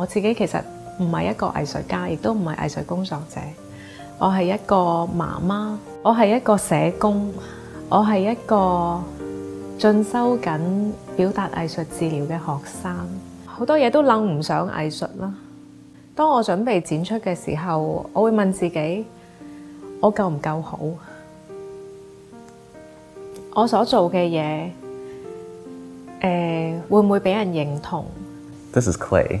我自己其實唔係一個藝術家，亦都唔係藝術工作者。我係一個媽媽，我係一個社工，我係一個進修緊表達藝術治療嘅學生。好多嘢都諗唔上藝術啦。當我準備展出嘅時候，我會問自己：我夠唔夠好？我所做嘅嘢，誒會唔會俾人認同？This is clay.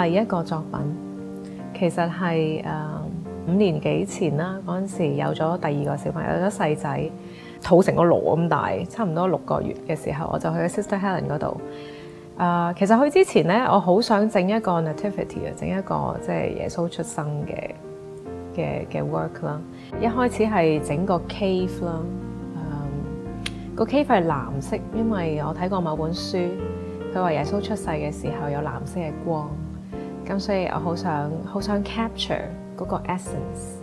第一個作品其實係 uh, 五年幾前啦，嗰陣時有咗第二個小朋友，有咗細仔，肚成個蘿咁大，差唔多六個月嘅時候，我就去咗 Sister Helen 嗰度。Uh, 其實去之前咧，我好想整一個 nativity 啊，整一個即係、就是、耶穌出生嘅嘅嘅 work 啦。一開始係整個 cave 啦、啊，個 cave 係藍色，因為我睇過某本書，佢話耶穌出世嘅時候有藍色嘅光。咁所以我好想好想 capture 嗰個 essence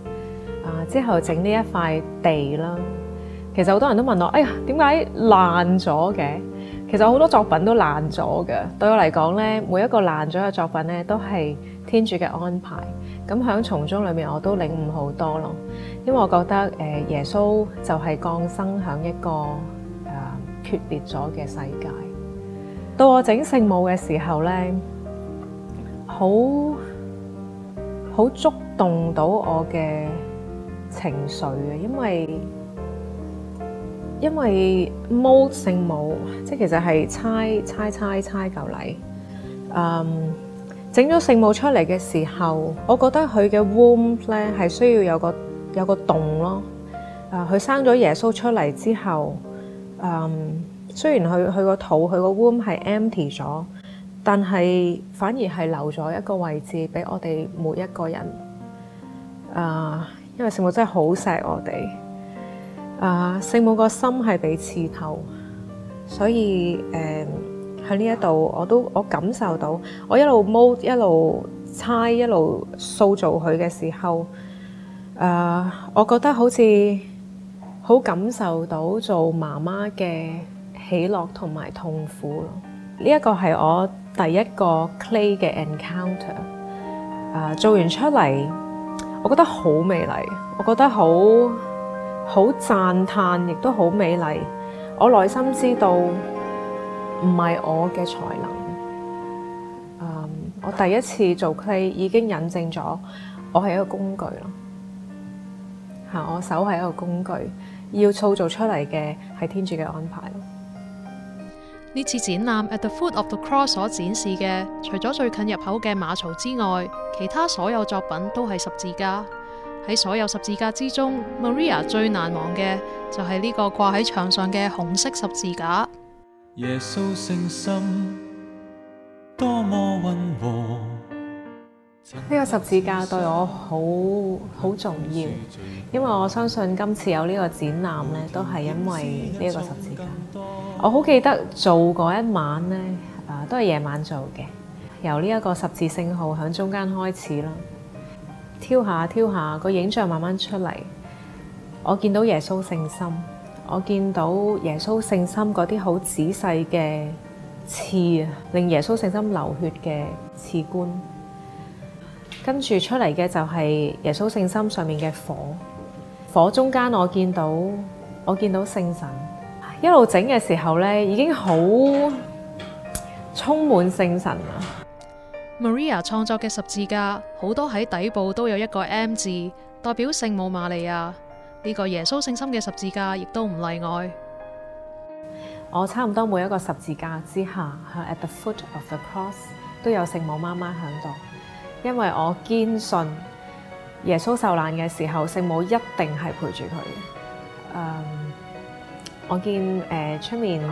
啊！之後整呢一塊地啦，其實好多人都問我：「哎呀，點解爛咗嘅？其實好多作品都爛咗嘅。對我嚟講咧，每一個爛咗嘅作品咧，都係天主嘅安排。咁響從中裏面，我都領悟好多咯。因為我覺得誒，耶穌就係降生響一個誒決裂咗嘅世界。到我整聖母嘅時候咧。好好觸動到我嘅情緒啊，因為因為毛聖母即係其實係猜，猜猜猜猜舊禮，嗯，整咗聖母出嚟嘅時候，我覺得佢嘅 womb 咧係需要有個有個洞咯，誒、呃，佢生咗耶穌出嚟之後，嗯，雖然佢佢個肚佢個 womb 係 empty 咗。但係反而係留咗一個位置俾我哋每一個人，啊，因為聖母真係好錫我哋，啊，聖母個心係被刺透，所以誒喺呢一度我都我感受到，我一路摸一路猜一路塑造佢嘅時候，誒，我覺得好似好感受到做媽媽嘅喜樂同埋痛苦咯，呢一個係我。第一個 clay 嘅 encounter，啊、uh, 做完出嚟，我覺得好美麗，我覺得好好讚歎，亦都好美麗。我內心知道唔係我嘅才能，um, 我第一次做 clay 已經引證咗，我係一個工具咯。Uh, 我手係一個工具，要操作出嚟嘅係天主嘅安排。呢次展覽 At the Foot of the Cross 所展示嘅，除咗最近入口嘅馬槽之外，其他所有作品都係十字架。喺所有十字架之中，Maria 最難忘嘅就係呢個掛喺牆上嘅紅色十字架。耶穌聖心，多麼溫和。呢、這個十字架對我好好重要，因為我相信今次有呢個展覽呢，都係因為呢個十字架。我好記得做嗰一晚呢，都係夜晚做嘅，由呢一個十字聖號響中間開始咯，挑一下挑一下個影像慢慢出嚟，我見到耶穌聖心，我見到耶穌聖心嗰啲好仔細嘅刺啊，令耶穌聖心流血嘅刺冠。跟住出嚟嘅就係耶穌聖心上面嘅火，火中間我見到我見到聖神，一路整嘅時候咧已經好充滿聖神。Maria 創作嘅十字架好多喺底部都有一個 M 字，代表聖母瑪利亞。呢個耶穌聖心嘅十字架亦都唔例外。我差唔多每一個十字架之下，at the foot of the cross 都有聖母媽媽喺度。因為我堅信耶穌受難嘅時候，聖母一定係陪住佢嘅。Um, 我見、呃、出面、uh.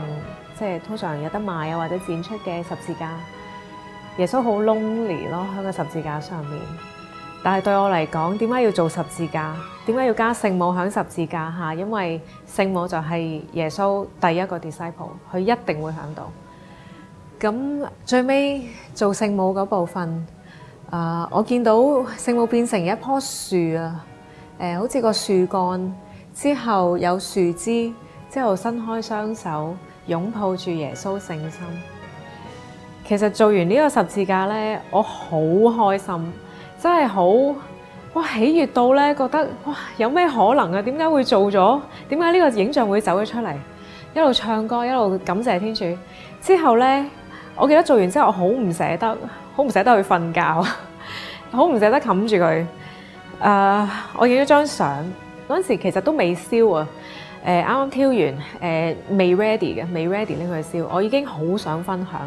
即係通常有得賣啊，或者展出嘅十字架，耶穌好 lonely 咯，喺個十字架上面。但係對我嚟講，點解要做十字架？點解要加聖母喺十字架下？因為聖母就係耶穌第一個 disciple，佢一定會響度。咁最尾做聖母嗰部分。啊！我見到聖母變成一棵樹啊！誒，好似個樹幹之後有樹枝，之後伸開雙手擁抱住耶穌聖心。其實做完呢個十字架咧，我好開心，真係好哇！喜悅到咧，覺得哇！有咩可能啊？點解會做咗？點解呢個影像會走咗出嚟？一路唱歌，一路感謝天主。之後咧。我記得做完之後，我好唔捨得，好唔捨得去瞓覺，好唔捨得冚住佢。誒、uh，我影咗張相，嗰陣時其實都未燒啊。誒、呃，啱啱挑完，誒、呃、未 ready 嘅，未 ready 拎去燒，我已經好想分享。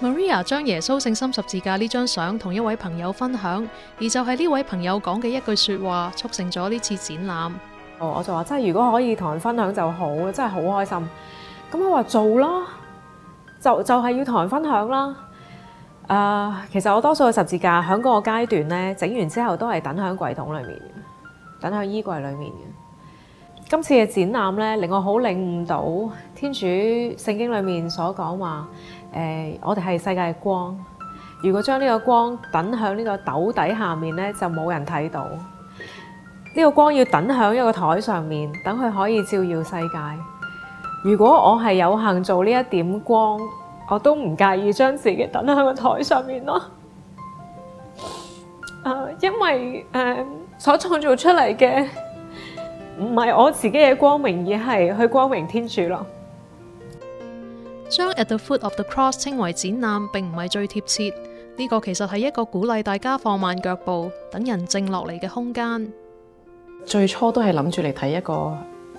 Maria 將耶穌聖心十字架呢張相同一位朋友分享，而就係呢位朋友講嘅一句説話，促成咗呢次展覽。哦，我就話真係如果可以同人分享就好，真係好開心。咁我話做咯。就就係要同人分享啦。誒，其實我多數嘅十字架喺嗰個階段呢，整完之後都係等喺櫃桶裡面，等喺衣櫃裡面。今次嘅展覽呢，令我好領悟到天主聖經裡面所講話，誒，我哋係世界嘅光。如果將呢個光等喺呢個斗底下面呢，就冇人睇到。呢個光要等喺一個台上面，等佢可以照耀世界。如果我係有幸做呢一點光，我都唔介意將自己等喺個台上面咯。Uh, 因為誒、um, 所創造出嚟嘅唔係我自己嘅光明，而係去光明天主咯。將 At the Foot of the Cross 稱為展覽並唔係最貼切，呢、這個其實係一個鼓勵大家放慢腳步、等人靜落嚟嘅空間。最初都係諗住嚟睇一個。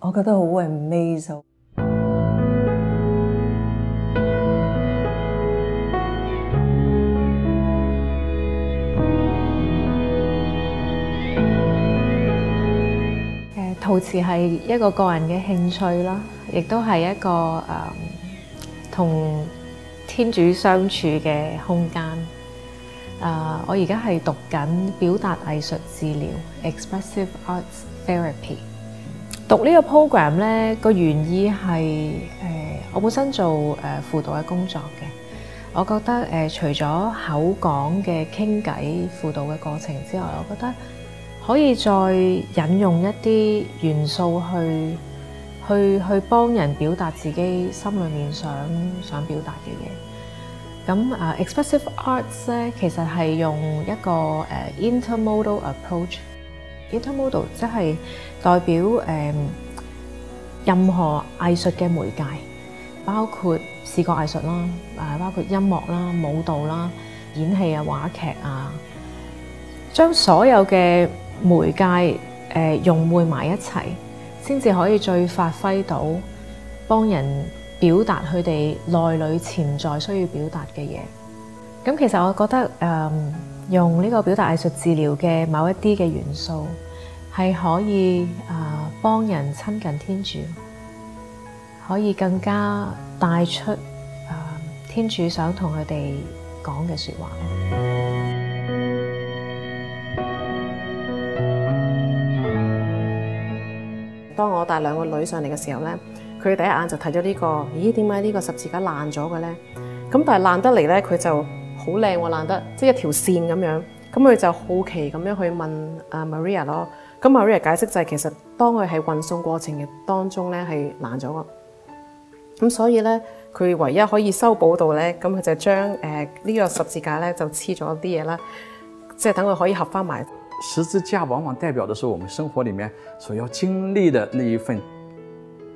我覺得好 amazing。誒，陶瓷係一個個人嘅興趣啦，亦都係一個誒同、嗯、天主相處嘅空間。誒、呃，我而家係讀緊表達藝術治療 （Expressive Arts Therapy）。讀呢個 program 呢，個原意係誒，我本身做誒輔導嘅工作嘅，我覺得誒，除咗口講嘅傾偈輔導嘅過程之外，我覺得可以再引用一啲元素去去去幫人表達自己心裏面想想表達嘅嘢。咁誒，Expressive Arts 呢，其實係用一個誒 intermodal approach。Intermodal 即係代表誒，任何藝術嘅媒介，包括視覺藝術啦，啊，包括音樂啦、舞蹈啦、演戲啊、話劇啊，將所有嘅媒介誒融匯埋一齊，先至可以最發揮到幫人表達佢哋內裏潛在需要表達嘅嘢。咁其實我覺得誒。用呢個表達藝術治療嘅某一啲嘅元素，係可以啊幫人親近天主，可以更加帶出啊天主想同佢哋講嘅說話。當我帶兩個女上嚟嘅時候呢，佢第一眼就睇咗呢個，咦？點解呢個十字架爛咗嘅呢？但係爛得嚟呢，佢就好靚喎，爛得即係、就是、一條線咁樣，咁佢就好奇咁樣去問阿 Maria 咯。咁 Maria 解釋就係，其實當佢喺運送過程嘅當中咧，係爛咗。咁所以咧，佢唯一可以修補到咧，咁佢就將誒呢個十字架咧就黐咗啲嘢啦，即係等佢可以合翻埋。十字架往往代表嘅係我們生活裏面所要經歷的那一份。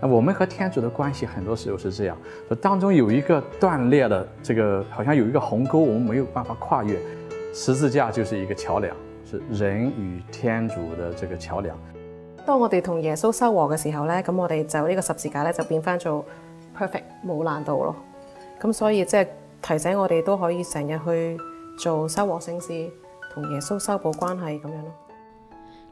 那我們和天主的關係很多時候是這樣，當中有一個斷裂的，這個好像有一個鴻溝，我們沒有辦法跨越。十字架就是一個橋梁，是人與天主的這個橋梁。當我哋同耶穌修和嘅時候呢，咁我哋就呢個十字架呢，就變翻做 perfect，冇難度咯。咁所以即係提醒我哋都可以成日去做修和聖事，同耶穌修補關係咁樣咯。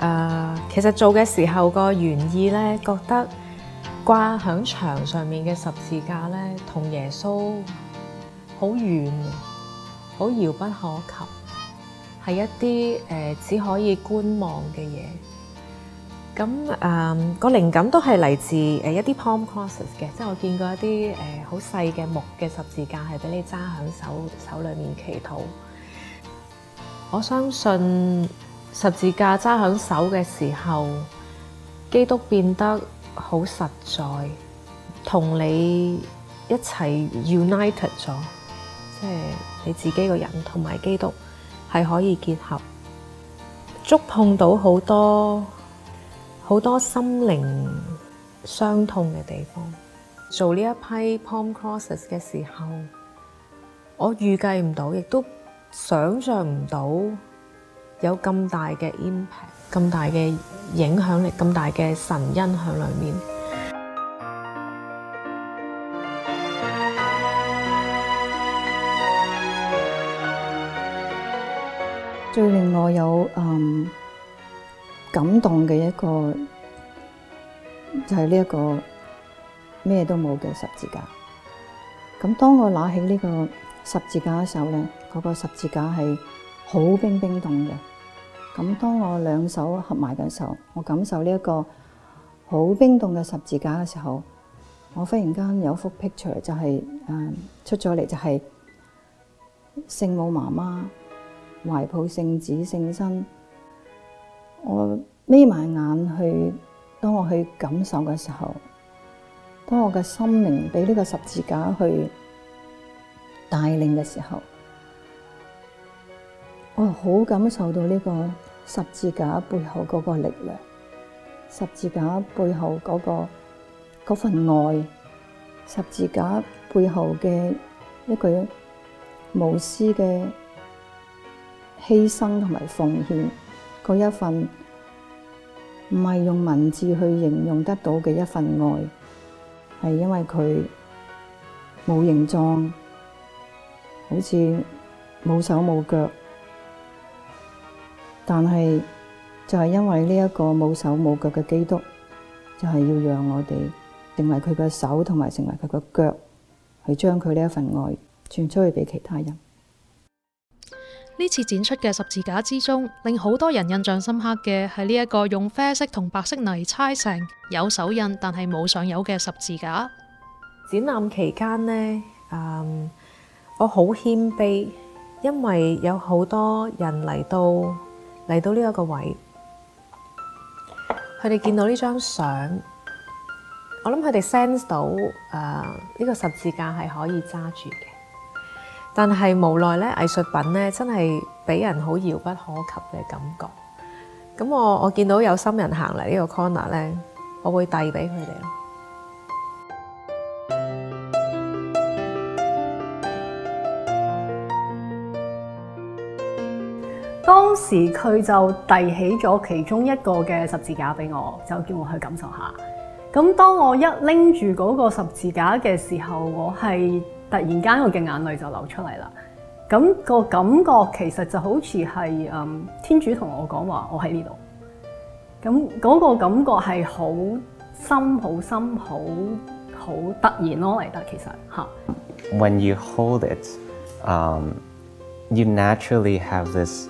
誒、uh,，其實做嘅時候個原意咧，覺得掛喺牆上面嘅十字架咧，同耶穌好遠，好遙不可及，係一啲誒、呃、只可以觀望嘅嘢，咁誒、呃，那個靈感都係嚟自誒一啲 palm crosses 嘅，即係我見過一啲誒好細嘅木嘅十字架是被，係俾你揸喺手手裏面祈禱。我相信。十字架揸響手嘅時候，基督變得好實在，同你一齊 United 咗，即係你自己個人同埋基督係可以結合，觸碰到好多好多心靈傷痛嘅地方。做呢一批 Palm Crosses 嘅時候，我預計唔到，亦都想象唔到。有咁大嘅 impact，咁大嘅影響力，咁大嘅神恩喺裏面，最令我有嗯感動嘅一個就係呢一個咩都冇嘅十字架。咁當我攞起呢個十字架嘅時候咧，呢個十字架係好冰冰凍嘅。咁當我兩手合埋的時候，我感受呢一個好冰凍嘅十字架嘅時候，我忽然間有一幅 picture 就係、是嗯、出咗嚟，就係聖母媽媽懷抱聖子聖身。我眯埋眼去，當我去感受嘅時候，當我嘅心靈畀呢個十字架去帶領嘅時候。我好感受到呢個十字架背後嗰個力量，十字架背後嗰個嗰份愛，十字架背後嘅一句無私嘅犧牲同埋奉獻，嗰一份唔係用文字去形容得到嘅一份愛，係因為佢冇形狀，好似冇手冇腳。但係就係因為呢一個冇手冇腳嘅基督，就係要讓我哋成為佢嘅手，同埋成為佢嘅腳，去將佢呢一份愛傳出去俾其他人。呢次展出嘅十字架之中，令好多人印象深刻嘅係呢一個用啡色同白色泥砌成有手印，但係冇上有嘅十字架。展覽期間呢，我好謙卑，因為有好多人嚟到。嚟到呢一個位，佢哋見到呢張相，我諗佢哋 sense 到誒呢個十字架係可以揸住嘅，但係無奈咧，藝術品咧真係俾人好遙不可及嘅感覺。咁我我見到有心人行嚟呢個 corner 咧，我會遞俾佢哋。當時佢就遞起咗其中一個嘅十字架俾我，就叫我去感受下。咁當我一拎住嗰個十字架嘅時候，我係突然間我嘅眼淚就流出嚟啦。咁個感覺其實就好似係誒天主同我講話，我喺呢度。咁嗰個感覺係好深、好深、好好突然咯嚟得，其實吓 When you hold it，um, you naturally have this。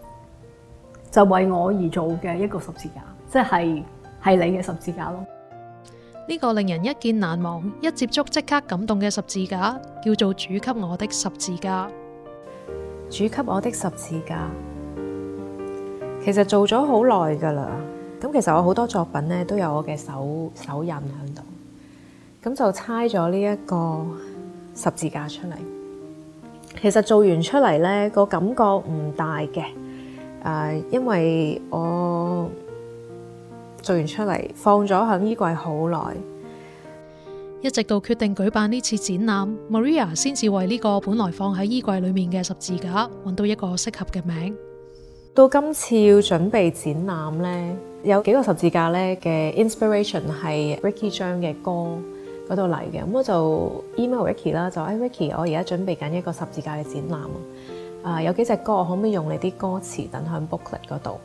就為我而做嘅一個十字架，即係係你嘅十字架咯。呢、這個令人一見難忘、一接觸即刻感動嘅十字架，叫做主給我的十字架。主給我的十字架，其實做咗好耐噶啦。咁其實我好多作品咧都有我嘅手手印喺度。咁就猜咗呢一個十字架出嚟。其實做完出嚟咧個感覺唔大嘅。啊、uh，因為我做完出嚟，放咗喺衣櫃好耐，一直到決定舉辦呢次展覽，Maria 先至為呢個本來放喺衣櫃裡面嘅十字架揾到一個適合嘅名。到今次要準備展覽呢，有幾個十字架呢嘅 inspiration 係 Ricky 張嘅歌嗰度嚟嘅，咁我就 email Ricky 啦，就、hey, 誒 Ricky，我而家準備緊一個十字架嘅展覽。啊，有幾隻歌，我可唔可以用你啲歌詞等響 booklet 嗰度？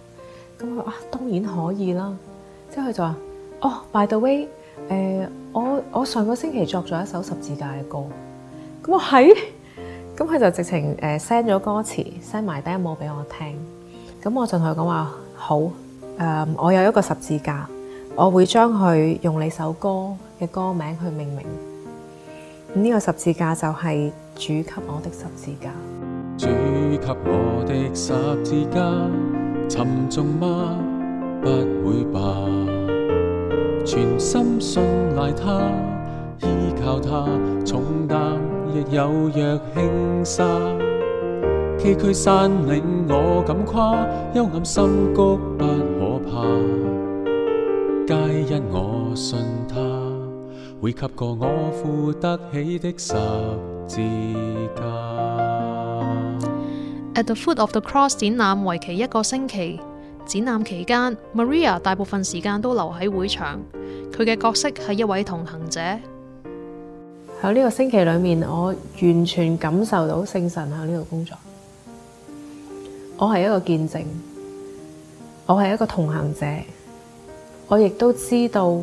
咁佢話：當然可以啦。之後佢就話：哦、oh，by the way，呃，我我上個星期作咗一首十字架嘅歌。咁我喺……咁、hey? 佢就直情 send 咗歌詞，send 埋 demo 俾我聽。咁我就同佢講話：好、呃，我有一個十字架，我會將佢用你首歌嘅歌名去命名。呢個十字架就係主給我的十字架。給我的十字架沉重嗎？不會吧。全心信賴他，依靠他，重擔亦有若輕沙。崎嶇山嶺我敢跨，幽暗深谷不可怕。皆因我信他，會給過我負得起的十字架。At the Foot of the Cross 展覽為期一個星期。展覽期間，Maria 大部分時間都留喺會場。佢嘅角色係一位同行者。喺呢個星期裏面，我完全感受到聖神喺呢度工作。我係一個見證，我係一個同行者。我亦都知道，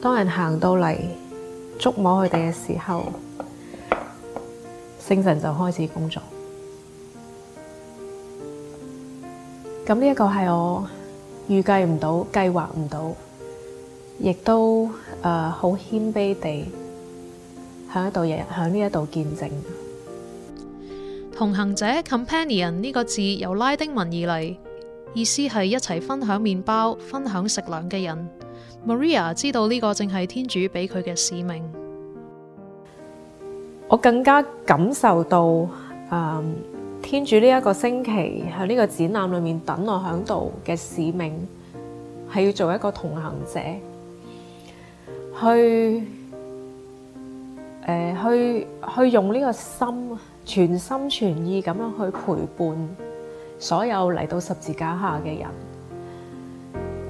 當人行到嚟，觸摸佢哋嘅時候，聖神就開始工作。咁呢一個係我預計唔到、計劃唔到，亦都誒好、呃、謙卑地喺呢度日日喺呢一度見證。同行者 （Companion） 呢個字由拉丁文而嚟，意思係一齊分享麵包、分享食糧嘅人。Maria 知道呢個正係天主俾佢嘅使命。我更加感受到誒，嗯天主呢一個星期喺呢個展覽裏面等我喺度嘅使命係要做一個同行者，去誒、呃、去去用呢個心全心全意咁樣去陪伴所有嚟到十字架下嘅人，誒、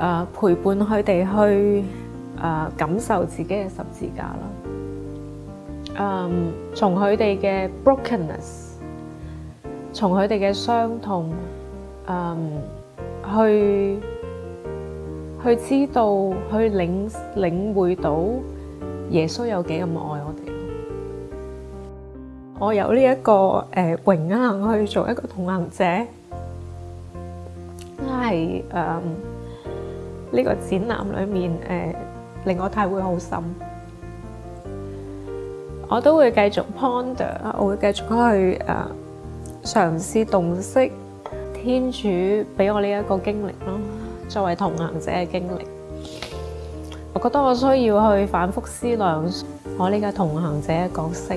呃、陪伴佢哋去誒、呃、感受自己嘅十字架啦、呃，從佢哋嘅 brokenness。從佢哋嘅傷痛，嗯，去去知道，去領領會到耶穌有幾咁愛我哋。我有呢一個誒榮幸去做一個同行者，都係誒呢個展覽裏面誒令我體會好深。我都會繼續 ponder，我會繼續去誒。嘗試洞悉天主俾我呢一個經歷咯，作為同行者嘅經歷，我覺得我需要去反覆思量我呢個同行者嘅角色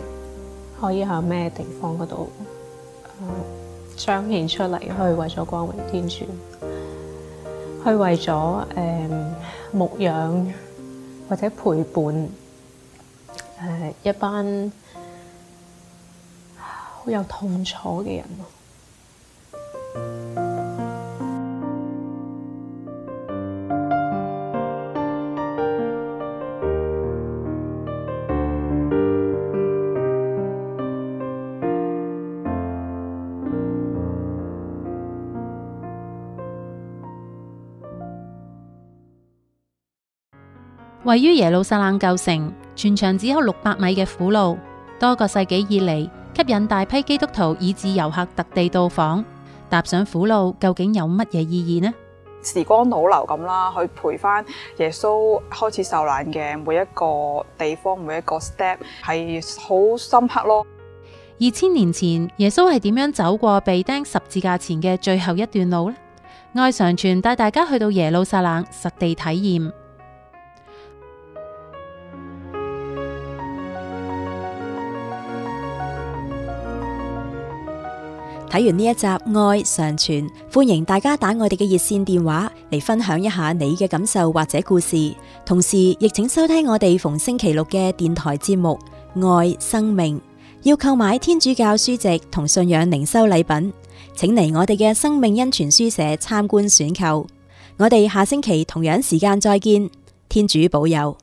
可以喺咩地方嗰度、呃、彰顯出嚟，去為咗光榮天主，去為咗誒、呃、牧養或者陪伴誒、呃、一班會有痛楚嘅人咯、啊。位於耶路撒冷舊城，全長只有六百米嘅苦路，多個世紀以嚟。吸引大批基督徒以至遊客特地到訪，踏上苦路究竟有乜嘢意義呢？時光倒流咁啦，去陪返耶穌開始受難嘅每一個地方，每一個 step 係好深刻咯。二千年前耶穌係點樣走過被釘十字架前嘅最後一段路呢？愛常傳帶大家去到耶路撒冷實地體驗。睇完呢一集《愛常傳》，歡迎大家打我哋嘅熱線電話嚟分享一下你嘅感受或者故事。同時亦請收聽我哋逢星期六嘅電台節目《愛生命》。要購買天主教書籍同信仰靈修禮品，請嚟我哋嘅生命恩泉書社參觀選購。我哋下星期同樣時間再見。天主保佑。